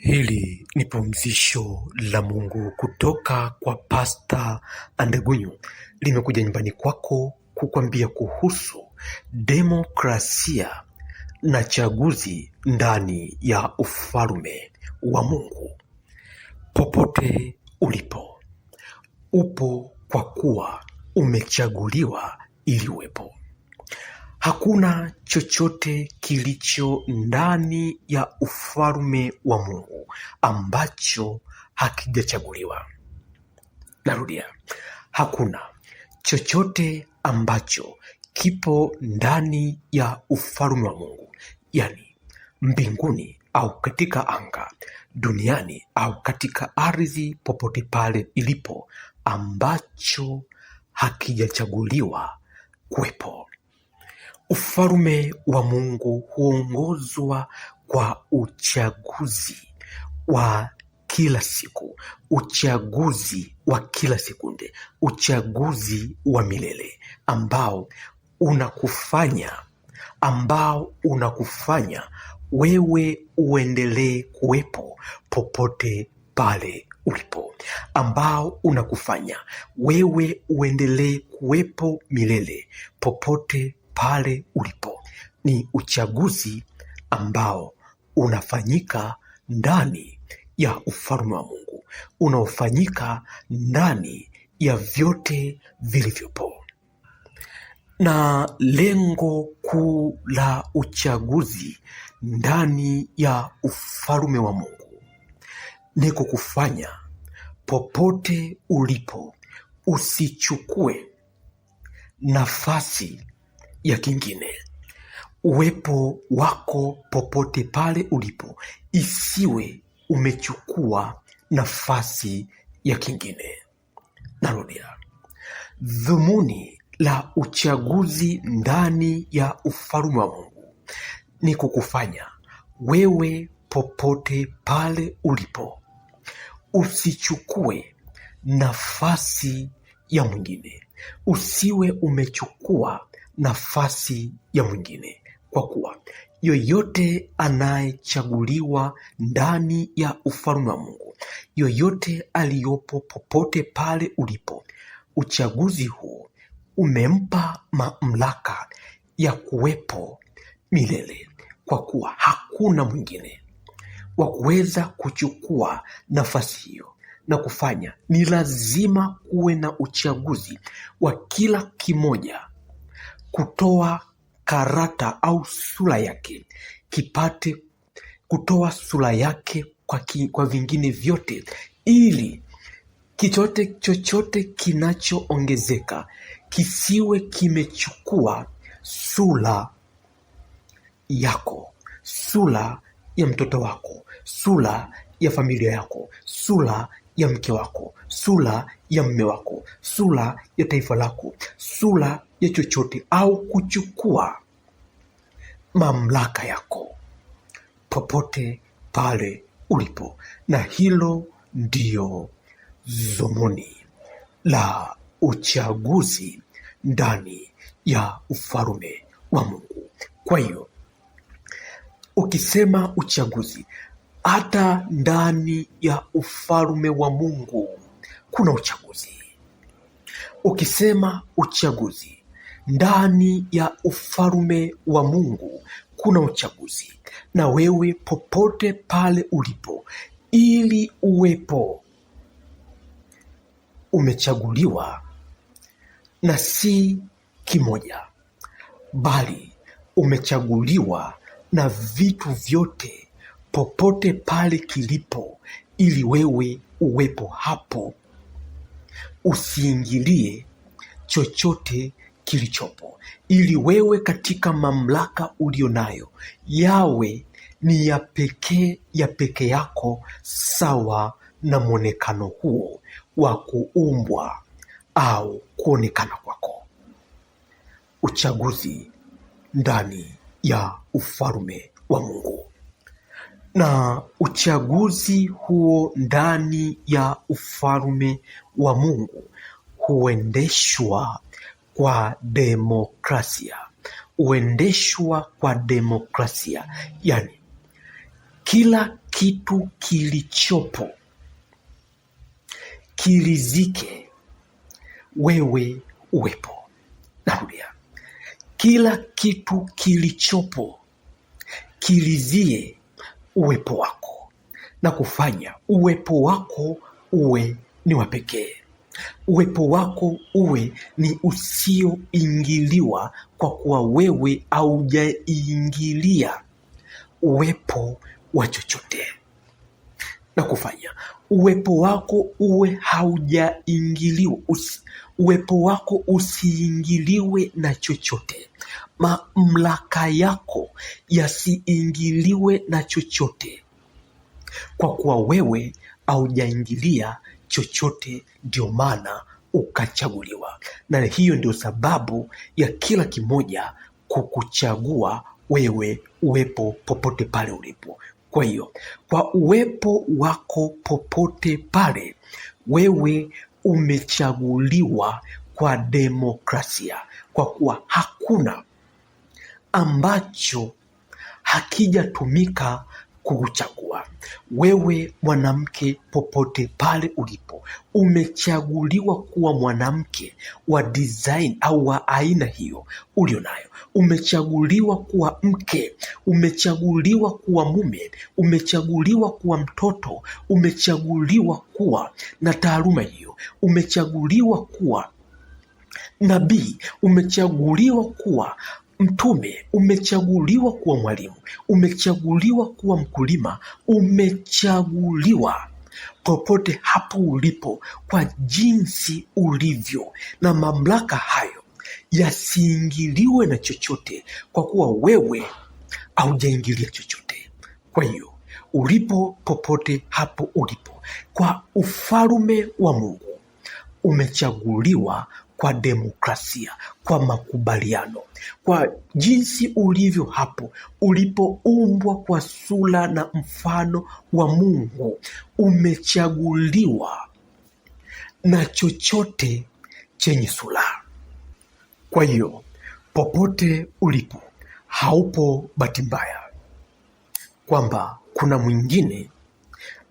Hili ni pumzisho la Mungu kutoka kwa Pasta Andegunyu, limekuja nyumbani kwako kukwambia kuhusu demokrasia na chaguzi ndani ya ufalme wa Mungu. Popote ulipo, upo kwa kuwa umechaguliwa ili uwepo. Hakuna chochote kilicho ndani ya ufalme wa Mungu ambacho hakijachaguliwa. Narudia, hakuna chochote ambacho kipo ndani ya ufalme wa Mungu, yani mbinguni au katika anga, duniani au katika ardhi, popote pale ilipo, ambacho hakijachaguliwa kuwepo Ufalme wa Mungu huongozwa kwa uchaguzi wa kila siku, uchaguzi wa kila sekunde, uchaguzi wa milele ambao unakufanya ambao unakufanya wewe uendelee kuwepo popote pale ulipo, ambao unakufanya wewe uendelee kuwepo milele popote pale ulipo. Ni uchaguzi ambao unafanyika ndani ya ufalme wa Mungu, unaofanyika ndani ya vyote vilivyopo, na lengo kuu la uchaguzi ndani ya ufalme wa Mungu ni kukufanya popote ulipo usichukue nafasi ya kingine. Uwepo wako popote pale ulipo, isiwe umechukua nafasi ya kingine. Narudia, dhumuni la uchaguzi ndani ya ufalme wa Mungu ni kukufanya wewe, popote pale ulipo, usichukue nafasi ya mwingine, usiwe umechukua nafasi ya mwingine, kwa kuwa yoyote anayechaguliwa ndani ya ufalme wa Mungu, yoyote aliyopo popote pale ulipo, uchaguzi huu umempa mamlaka ya kuwepo milele, kwa kuwa hakuna mwingine wa kuweza kuchukua nafasi hiyo na kufanya. Ni lazima kuwe na uchaguzi wa kila kimoja kutoa karata au sura yake kipate kutoa sura yake kwa, ki, kwa vingine vyote ili kichote chochote kinachoongezeka kisiwe kimechukua sura yako, sura ya mtoto wako, sura ya familia yako, sura ya mke wako, sura ya mme wako, sura ya taifa lako, sura ya chochote au kuchukua mamlaka yako popote pale ulipo, na hilo ndio zomoni la uchaguzi ndani ya ufalme wa Mungu. Kwa hiyo ukisema uchaguzi, hata ndani ya ufalme wa Mungu kuna uchaguzi. Ukisema uchaguzi ndani ya ufalme wa Mungu kuna uchaguzi, na wewe popote pale ulipo, ili uwepo, umechaguliwa na si kimoja, bali umechaguliwa na vitu vyote popote pale kilipo, ili wewe uwepo hapo, usiingilie chochote kilichopo, ili wewe katika mamlaka ulio nayo yawe ni ya pekee ya peke yako, sawa na mwonekano huo wa kuumbwa au kuonekana kwako. Uchaguzi ndani ya ufalme wa Mungu na uchaguzi huo ndani ya ufalme wa Mungu huendeshwa kwa demokrasia, huendeshwa kwa demokrasia, yani kila kitu kilichopo kilizike, wewe uwepo. Narudia, kila kitu kilichopo kilizie uwepo wako na kufanya uwepo wako uwe ni wa pekee. Uwepo wako uwe ni usioingiliwa kwa kuwa wewe haujaingilia uwepo wa chochote na kufanya uwepo wako uwe haujaingiliwa uwepo wako usiingiliwe na chochote, mamlaka yako yasiingiliwe na chochote, kwa kuwa wewe haujaingilia chochote, ndio maana ukachaguliwa. Na hiyo ndio sababu ya kila kimoja kukuchagua wewe uwepo popote pale ulipo. Kwa hiyo kwa uwepo wako popote pale, wewe umechaguliwa kwa demokrasia, kwa kuwa hakuna ambacho hakijatumika kukuchagua wewe, mwanamke, popote pale ulipo, umechaguliwa kuwa mwanamke wa design au wa aina hiyo ulio nayo. Umechaguliwa kuwa mke, umechaguliwa kuwa mume, umechaguliwa kuwa mtoto, umechaguliwa kuwa na taaluma hiyo, umechaguliwa kuwa nabii, umechaguliwa kuwa Mtume, umechaguliwa kuwa mwalimu, umechaguliwa kuwa mkulima, umechaguliwa popote hapo ulipo kwa jinsi ulivyo, na mamlaka hayo yasiingiliwe na chochote, kwa kuwa wewe haujaingilia chochote. Kwa hiyo ulipo, popote hapo ulipo, kwa ufalume wa Mungu umechaguliwa kwa demokrasia, kwa makubaliano, kwa jinsi ulivyo hapo ulipoumbwa kwa sura na mfano wa Mungu, umechaguliwa na chochote chenye sura. Kwa hiyo popote ulipo, haupo bahati mbaya kwamba kuna mwingine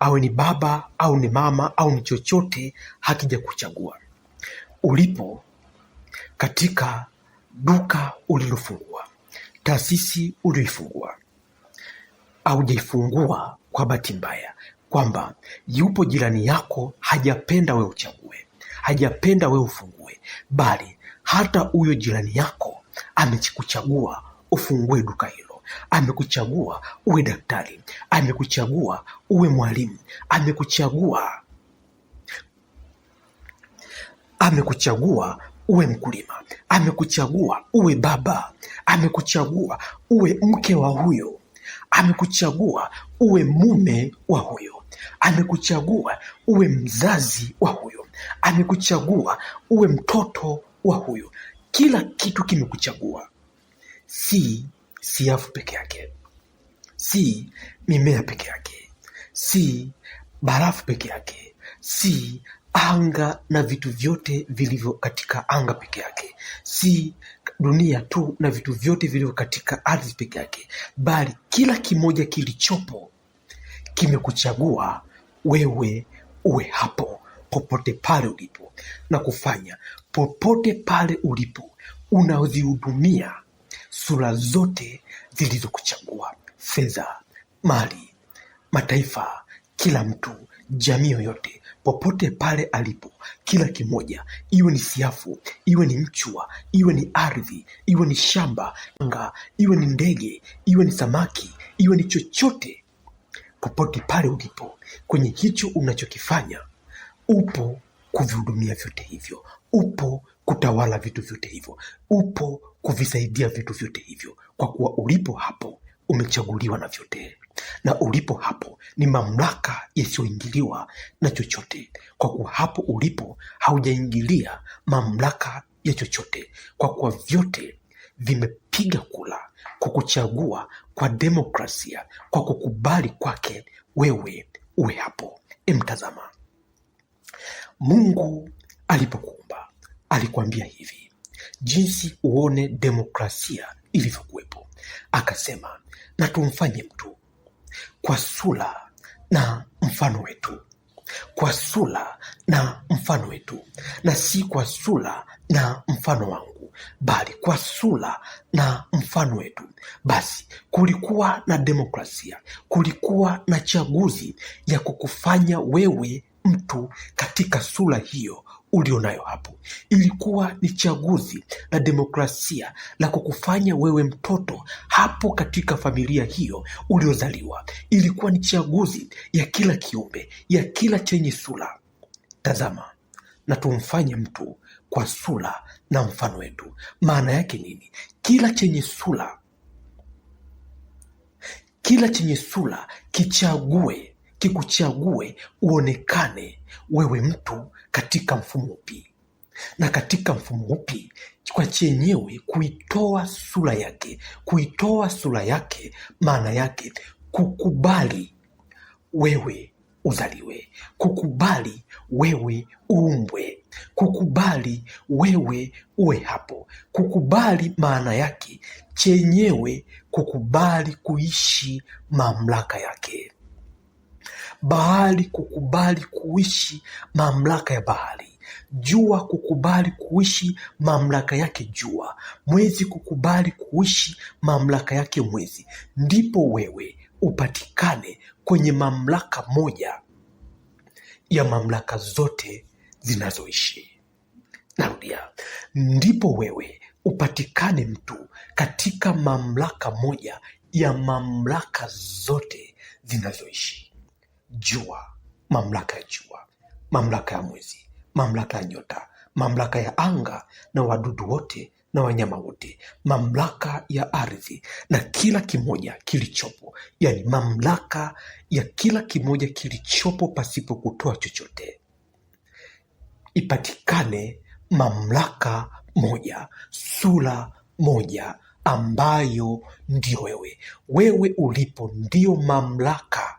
awe ni baba au ni mama au ni chochote hakija kuchagua ulipo katika duka ulilofungua, taasisi ulioifungua, aujaifungua kwa bahati mbaya, kwamba yupo jirani yako hajapenda wewe uchague, hajapenda wewe ufungue, bali hata huyo jirani yako amekuchagua ufungue duka hilo, amekuchagua uwe daktari, amekuchagua uwe mwalimu, amekuchagua amekuchagua uwe mkulima, amekuchagua uwe baba, amekuchagua uwe mke wa huyo, amekuchagua uwe mume wa huyo, amekuchagua uwe mzazi wa huyo, amekuchagua uwe mtoto wa huyo. Kila kitu kimekuchagua, si siafu peke yake, si mimea peke yake, si barafu peke yake, si anga na vitu vyote vilivyo katika anga peke yake, si dunia tu na vitu vyote vilivyo katika ardhi peke yake, bali kila kimoja kilichopo kimekuchagua wewe uwe hapo popote pale ulipo, na kufanya popote pale ulipo unazihudumia sura zote zilizokuchagua: fedha, mali, mataifa, kila mtu, jamii yoyote popote pale alipo, kila kimoja, iwe ni siafu, iwe ni mchwa, iwe ni ardhi, iwe ni shamba, nga, iwe ni ndege, iwe ni samaki, iwe ni chochote, popote pale ulipo, kwenye hicho unachokifanya, upo kuvihudumia vyote hivyo, upo kutawala vitu vyote hivyo, upo kuvisaidia vitu vyote hivyo, kwa kuwa ulipo hapo umechaguliwa na vyote na ulipo hapo ni mamlaka yasiyoingiliwa na chochote, kwa kuwa hapo ulipo haujaingilia mamlaka ya chochote, kwa kuwa vyote vimepiga kula kwa kuchagua kwa demokrasia, kwa kukubali kwake wewe uwe hapo. Emtazama Mungu alipokuumba alikuambia hivi, jinsi uone demokrasia ilivyokuwepo, akasema na tumfanye mtu kwa sura na mfano wetu, kwa sura na mfano wetu, na si kwa sura na mfano wangu, bali kwa sura na mfano wetu. Basi kulikuwa na demokrasia, kulikuwa na chaguzi ya kukufanya wewe mtu katika sura hiyo ulionayo hapo. Ilikuwa ni chaguzi la demokrasia la kukufanya wewe mtoto hapo katika familia hiyo uliozaliwa. Ilikuwa ni chaguzi ya kila kiumbe, ya kila chenye sura. Tazama na tumfanye mtu kwa sura na mfano wetu. Maana yake nini? Kila chenye sura, kila chenye sura kichague, kikuchague uonekane wewe mtu katika mfumo upi, na katika mfumo upi kwa chenyewe kuitoa sura yake, kuitoa sura yake, maana yake kukubali wewe uzaliwe, kukubali wewe uumbwe, kukubali wewe uwe hapo. Kukubali maana yake chenyewe kukubali kuishi mamlaka yake bahari kukubali kuishi mamlaka ya bahari jua kukubali kuishi mamlaka yake jua, mwezi kukubali kuishi mamlaka yake mwezi, ndipo wewe upatikane kwenye mamlaka moja ya mamlaka zote zinazoishi. Narudia, ndipo wewe upatikane mtu katika mamlaka moja ya mamlaka zote zinazoishi jua, mamlaka ya jua, mamlaka ya mwezi, mamlaka ya nyota, mamlaka ya anga na wadudu wote na wanyama wote, mamlaka ya ardhi na kila kimoja kilichopo, yani mamlaka ya kila kimoja kilichopo pasipo kutoa chochote, ipatikane mamlaka moja, sura moja ambayo ndio wewe. Wewe ulipo ndio mamlaka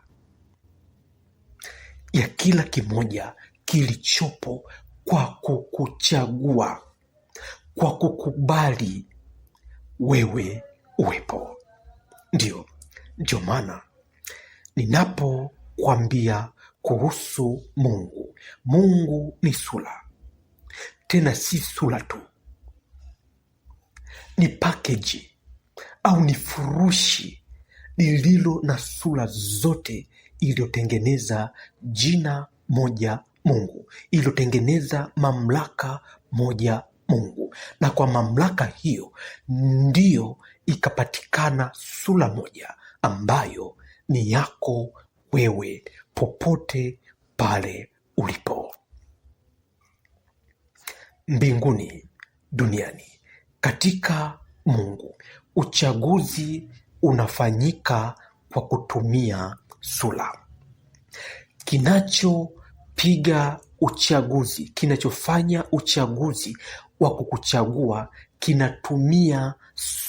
ya kila kimoja kilichopo kwa kukuchagua, kwa kukubali wewe uwepo. Ndio, ndio maana ninapokwambia kuhusu Mungu, Mungu ni sura, tena si sura tu, ni pakeji au ni furushi lililo na sura zote iliyotengeneza jina moja Mungu, iliyotengeneza mamlaka moja Mungu, na kwa mamlaka hiyo ndiyo ikapatikana sura moja ambayo ni yako wewe, popote pale ulipo, mbinguni, duniani, katika Mungu. Uchaguzi unafanyika kwa kutumia sura. Kinachopiga uchaguzi, kinachofanya uchaguzi wa kukuchagua kinatumia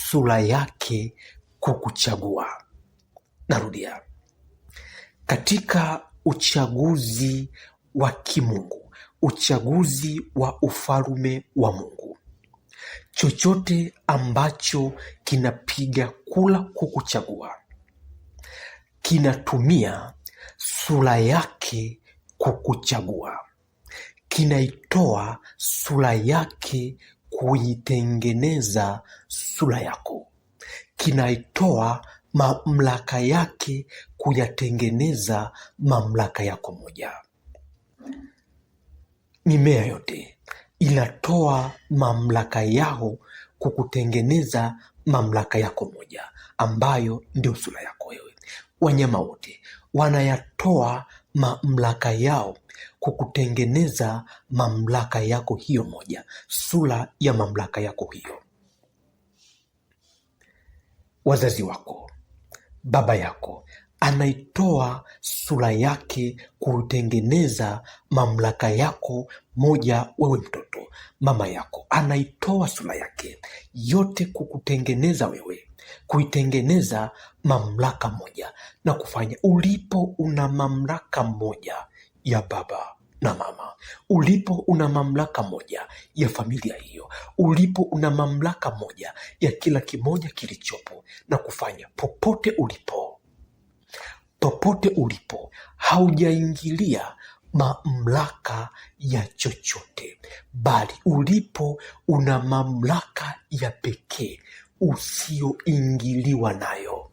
sura yake kukuchagua. Narudia, katika uchaguzi wa kimungu, uchaguzi wa ufalume wa Mungu, chochote ambacho kinapiga kula kukuchagua kinatumia sura yake kukuchagua, kinaitoa sura yake kuitengeneza sura yako, kinaitoa mamlaka yake kuyatengeneza mamlaka yako moja. Mimea yote inatoa mamlaka yao kukutengeneza mamlaka yako moja, ambayo ndio sura yako wewe wanyama wote wanayatoa mamlaka yao kwa kutengeneza mamlaka yako hiyo moja, sura ya mamlaka yako hiyo. Wazazi wako, baba yako anaitoa sura yake kutengeneza mamlaka yako moja, wewe mtoto. Mama yako anaitoa sura yake yote kukutengeneza wewe kuitengeneza mamlaka moja na kufanya ulipo una mamlaka moja ya baba na mama, ulipo una mamlaka moja ya familia hiyo, ulipo una mamlaka moja ya kila kimoja kilichopo, na kufanya popote ulipo, popote ulipo, haujaingilia mamlaka ya chochote, bali ulipo una mamlaka ya pekee usiyoingiliwa nayo,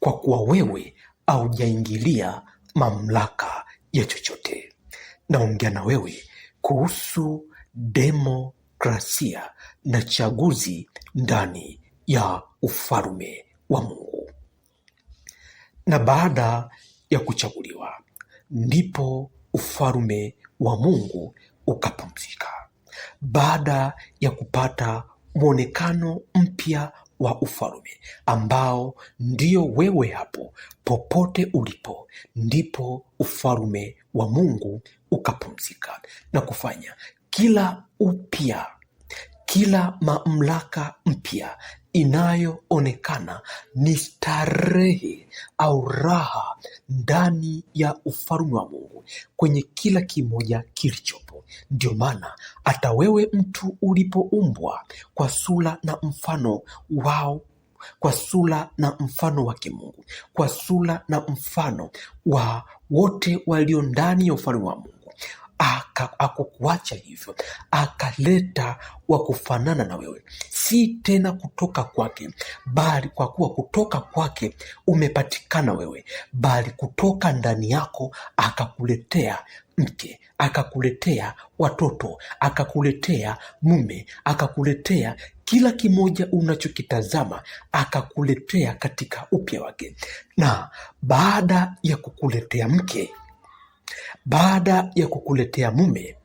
kwa kuwa wewe haujaingilia mamlaka ya chochote. Naongea na wewe kuhusu demokrasia na chaguzi ndani ya ufalme wa Mungu. Na baada ya kuchaguliwa, ndipo ufalme wa Mungu ukapumzika. Baada ya kupata mwonekano mpya wa ufalme ambao ndio wewe hapo popote ulipo, ndipo ufalme wa Mungu ukapumzika na kufanya kila upya, kila mamlaka mpya inayoonekana ni starehe au raha ndani ya ufalme wa Mungu kwenye kila kimoja kilichopo. Ndio maana hata wewe mtu ulipoumbwa kwa sura na mfano wao kwa sura na mfano wa kimungu, kwa sura na mfano wa wote walio ndani ya ufalme wa Mungu akukuacha hivyo, akaleta wa kufanana na wewe, si tena kutoka kwake, bali kwa kuwa kutoka kwake umepatikana wewe, bali kutoka ndani yako akakuletea mke akakuletea watoto akakuletea mume akakuletea kila kimoja unachokitazama akakuletea katika upya wake. Na baada ya kukuletea mke baada ya kukuletea mume,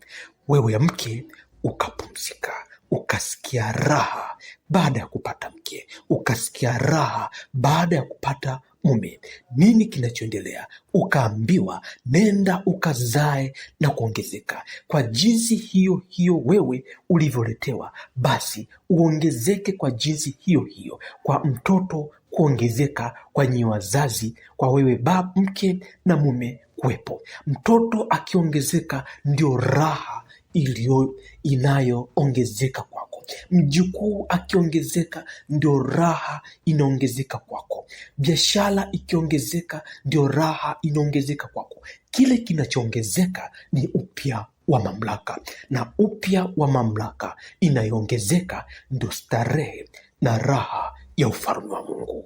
wewe mke ukapumzika, ukasikia raha baada ya kupata mke, ukasikia raha baada ya kupata mume. Nini kinachoendelea? Ukaambiwa nenda ukazae na kuongezeka. Kwa jinsi hiyo hiyo wewe ulivyoletewa, basi uongezeke kwa jinsi hiyo hiyo, kwa mtoto kuongezeka, kwa nyinyi wazazi, kwa wewe baba mke na mume kuwepo. Mtoto akiongezeka, ndio raha iliyo inayoongezeka kwako. Mjukuu akiongezeka, ndio raha inaongezeka kwako. Biashara ikiongezeka, ndio raha inaongezeka kwako. Kile kinachoongezeka ni upya wa mamlaka, na upya wa mamlaka inayoongezeka ndio starehe na raha ya ufalme wa Mungu.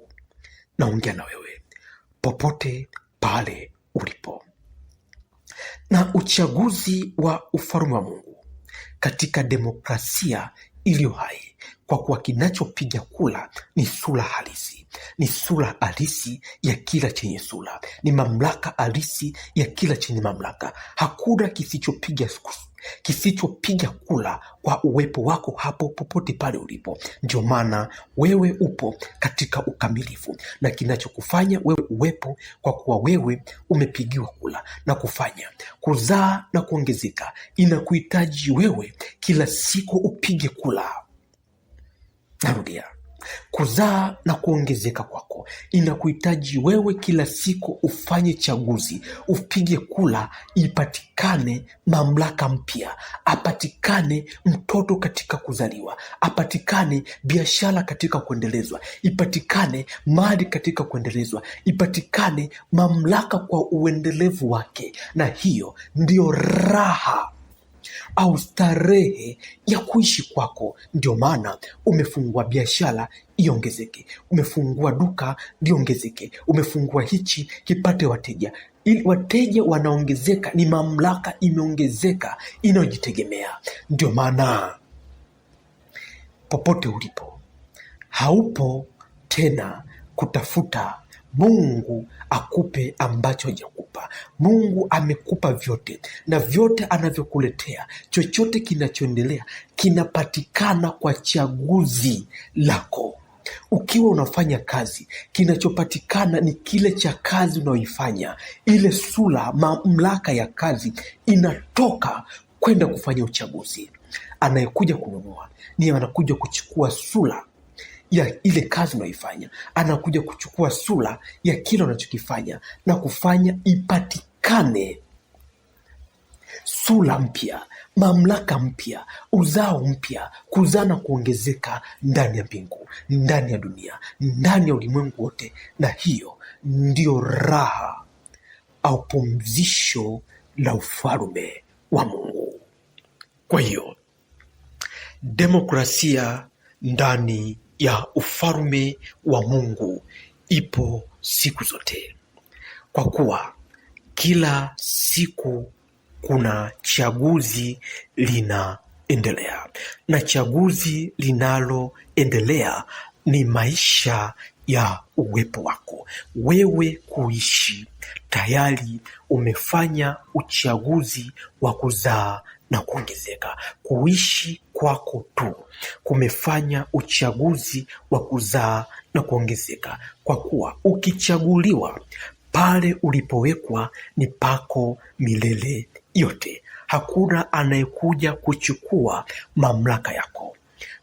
Naongea na wewe popote pale ulipo na uchaguzi wa ufalme wa Mungu katika demokrasia iliyo hai, kwa kuwa kinachopiga kula ni sura halisi, ni sura halisi ya kila chenye sura, ni mamlaka halisi ya kila chenye mamlaka. Hakuna kisichopiga kisichopiga kula kwa uwepo wako hapo popote pale ulipo. Ndio maana wewe upo katika ukamilifu, na kinachokufanya wewe uwepo kwa kuwa wewe umepigiwa kula na kufanya kuzaa na kuongezeka, inakuhitaji wewe kila siku upige kula. Narudia, Kuzaa na kuongezeka kwako inakuhitaji wewe kila siku ufanye chaguzi, upige kula, ipatikane mamlaka mpya, apatikane mtoto katika kuzaliwa, apatikane biashara katika kuendelezwa, ipatikane mali katika kuendelezwa, ipatikane mamlaka kwa uendelevu wake, na hiyo ndiyo raha au starehe ya kuishi kwako. Ndio maana umefungua biashara iongezeke, umefungua duka liongezeke, umefungua hichi kipate wateja, ili wateja wanaongezeka. Ni mamlaka imeongezeka inayojitegemea. Ndio maana popote ulipo haupo tena kutafuta Mungu akupe ambacho hajakupa. Mungu amekupa vyote, na vyote anavyokuletea, chochote kinachoendelea kinapatikana kwa chaguzi lako. Ukiwa unafanya kazi, kinachopatikana ni kile cha kazi unayoifanya. Ile sura, mamlaka ya kazi inatoka kwenda kufanya uchaguzi. Anayekuja kununua ni anakuja kuchukua sura ya ile kazi unaoifanya, anakuja kuchukua sura ya kile unachokifanya na kufanya ipatikane sura mpya, mamlaka mpya, uzao mpya, kuzaa na kuongezeka ndani ya mbingu, ndani ya dunia, ndani ya ulimwengu wote. Na hiyo ndiyo raha au pumzisho la ufalume wa Mungu. Kwa hiyo demokrasia ndani ya ufalme wa Mungu ipo siku zote, kwa kuwa kila siku kuna chaguzi linaendelea, na chaguzi linaloendelea ni maisha ya uwepo wako wewe kuishi. Tayari umefanya uchaguzi wa kuzaa na kuongezeka. Kuishi kwako tu kumefanya uchaguzi wa kuzaa na kuongezeka, kwa kuwa ukichaguliwa pale ulipowekwa ni pako milele yote. Hakuna anayekuja kuchukua mamlaka yako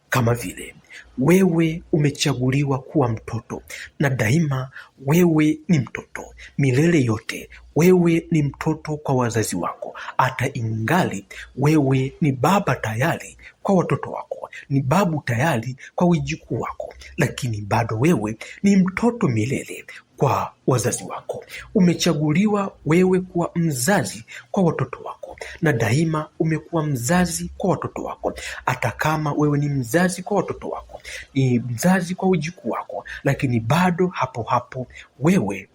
kama vile wewe umechaguliwa kuwa mtoto, na daima wewe ni mtoto milele yote. Wewe ni mtoto kwa wazazi wako, hata ingali wewe ni baba tayari kwa watoto wako, ni babu tayari kwa wijukuu wako, lakini bado wewe ni mtoto milele kwa wazazi wako. Umechaguliwa wewe kuwa mzazi kwa watoto wako na daima umekuwa mzazi kwa watoto wako. Hata kama wewe ni mzazi kwa watoto wako, ni mzazi kwa ujukuu wako, lakini bado hapo hapo wewe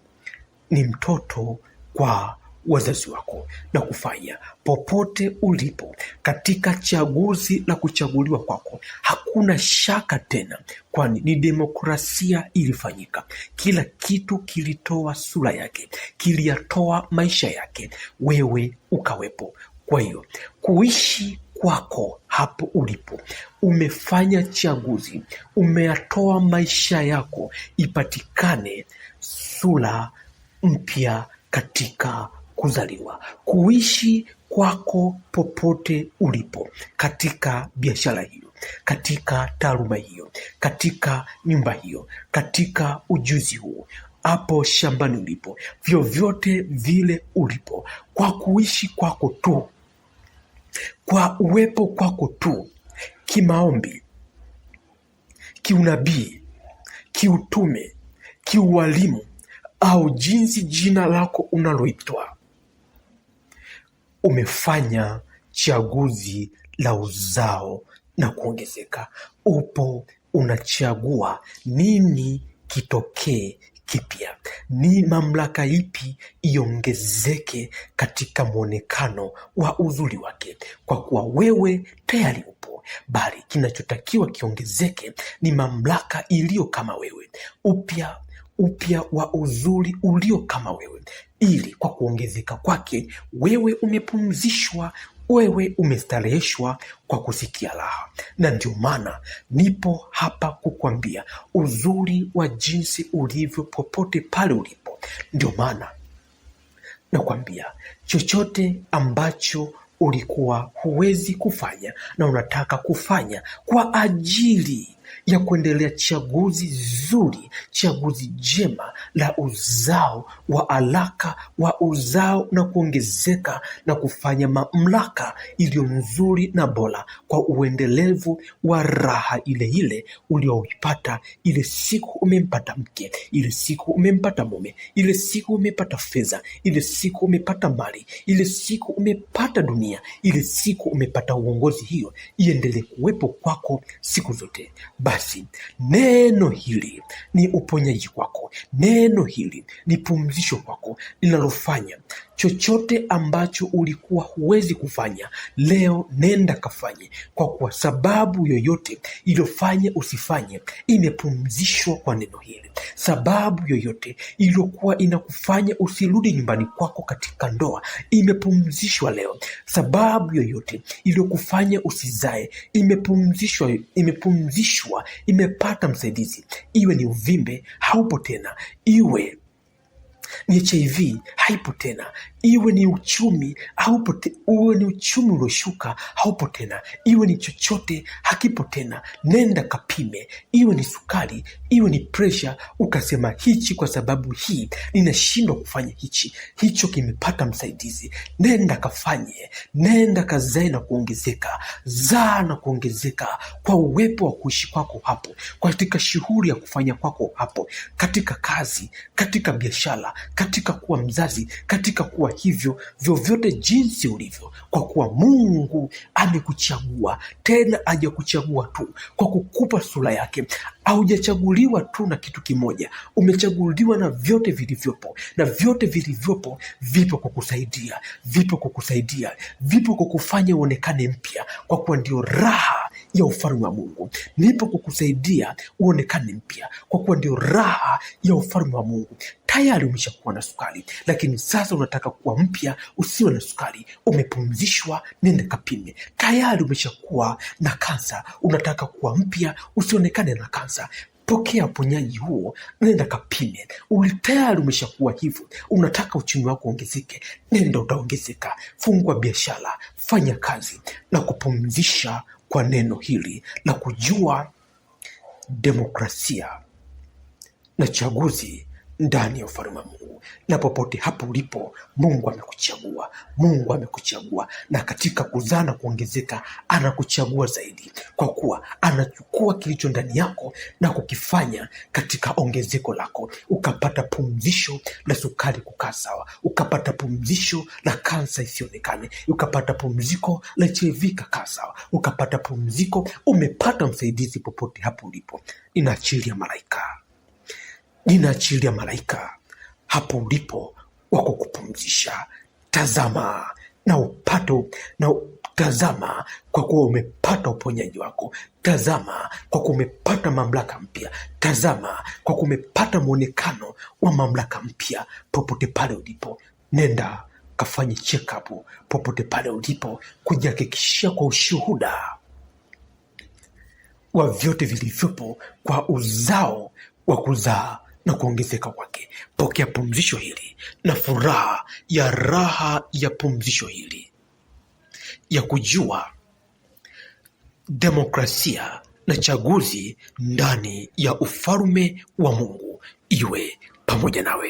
ni mtoto kwa wazazi wako na kufanya popote ulipo katika chaguzi la kuchaguliwa kwako, hakuna shaka tena, kwani ni demokrasia ilifanyika. Kila kitu kilitoa sura yake, kiliyatoa maisha yake, wewe ukawepo. Kwa hiyo kuishi kwako hapo ulipo umefanya chaguzi, umeyatoa maisha yako, ipatikane sura mpya katika kuzaliwa, kuishi kwako popote ulipo, katika biashara hiyo, katika taaluma hiyo, katika nyumba hiyo, katika ujuzi huo hapo shambani ulipo, vyovyote vile ulipo, kwa kuishi kwako tu, kwa uwepo kwako tu, kimaombi, kiunabii, kiutume, kiualimu, au jinsi jina lako unaloitwa umefanya chaguzi la uzao na kuongezeka. Upo unachagua nini kitokee kipya, ni mamlaka ipi iongezeke katika mwonekano wa uzuri wake, kwa kuwa wewe tayari upo, bali kinachotakiwa kiongezeke ni mamlaka iliyo kama wewe, upya upya wa uzuri ulio kama wewe, ili kwa kuongezeka kwake wewe umepumzishwa, wewe umestareheshwa kwa kusikia raha. Na ndio maana nipo hapa kukwambia uzuri wa jinsi ulivyo popote pale ulipo. Ndio maana nakwambia chochote ambacho ulikuwa huwezi kufanya na unataka kufanya kwa ajili ya kuendelea chaguzi zuri, chaguzi jema la uzao wa alaka wa uzao na kuongezeka na kufanya mamlaka iliyo nzuri na bora kwa uendelevu wa raha ile ile ulioipata ile siku umempata mke, ile siku umempata mume, ile siku umepata fedha, ile siku umepata mali, ile siku umepata dunia, ile siku umepata uongozi, hiyo iendelee kuwepo kwako siku zote. Basi neno hili ni uponyaji kwako, neno hili ni pumzisho kwako linalofanya Chochote ambacho ulikuwa huwezi kufanya leo, nenda kafanye, kwa kuwa sababu yoyote iliyofanya usifanye imepumzishwa kwa neno hili. Sababu yoyote iliyokuwa inakufanya usirudi nyumbani kwako katika ndoa imepumzishwa leo. Sababu yoyote iliyokufanya usizae imepumzishwa, imepumzishwa, imepata msaidizi. Iwe ni uvimbe, haupo tena, iwe ni HIV haipo tena, iwe ni uchumi haupo uwe ni uchumi ulioshuka haupo tena, iwe ni chochote hakipo tena. Nenda kapime, iwe ni sukari, iwe ni presha, ukasema hichi, kwa sababu hii ninashindwa kufanya hichi, hicho kimepata msaidizi. Nenda kafanye, nenda kazae na kuongezeka, zaa na kuongezeka kwa uwepo wa kuishi kwako hapo, katika shughuli ya kufanya kwako hapo, katika kazi, katika biashara, katika kuwa mzazi, katika kuwa hivyo vyovyote jinsi ulivyo, kwa kuwa Mungu amekuchagua, tena hajakuchagua tu kwa kukupa sura yake. Haujachaguliwa tu na kitu kimoja, umechaguliwa na vyote vilivyopo, na vyote vilivyopo vipo kukusaidia, vipo kukusaidia, vipo kukufanya uonekane mpya, kwa kuwa ndio raha ya ufalme wa Mungu. Nipo kukusaidia uonekane mpya, kwa kuwa ndio raha ya ufalme wa Mungu. Tayari umeshakuwa na sukari, lakini sasa unataka kuwa mpya, usiwe na sukari. Umepumzishwa, nenda kapime. Tayari umeshakuwa na kansa, unataka kuwa mpya, usionekane na kansa. Pokea uponyaji huo, nenda kapime. Tayari umeshakuwa hivyo. Unataka uchumi wako uongezeke, nenda utaongezeka. Fungua biashara, fanya kazi na kupumzisha kwa neno hili la kujua demokrasia na chaguzi ndani ya ufalme wa Mungu. Na popote hapo ulipo, Mungu amekuchagua, Mungu amekuchagua, na katika kuzaa na kuongezeka anakuchagua zaidi, kwa kuwa anachukua kilicho ndani yako na kukifanya katika ongezeko lako, ukapata pumzisho la sukari kukaa sawa, ukapata pumzisho la kansa isionekane, ukapata pumziko la HIV kaa sawa, ukapata pumziko, umepata msaidizi. Popote hapo ulipo, inaachilia malaika Ninaachilia malaika hapo ulipo wa kukupumzisha. Tazama na upato na tazama, kwa kuwa umepata uponyaji wako. Tazama, kwa kuwa umepata mamlaka mpya. Tazama, kwa kuwa umepata mwonekano wa mamlaka mpya. Popote pale ulipo, nenda kafanye check up popote pale ulipo, kujihakikishia kwa ushuhuda wa vyote vilivyopo kwa uzao wa kuzaa na kuongezeka kwake. Pokea pumzisho hili na furaha ya raha ya pumzisho hili ya kujua demokrasia na chaguzi ndani ya ufalme wa Mungu iwe pamoja nawe.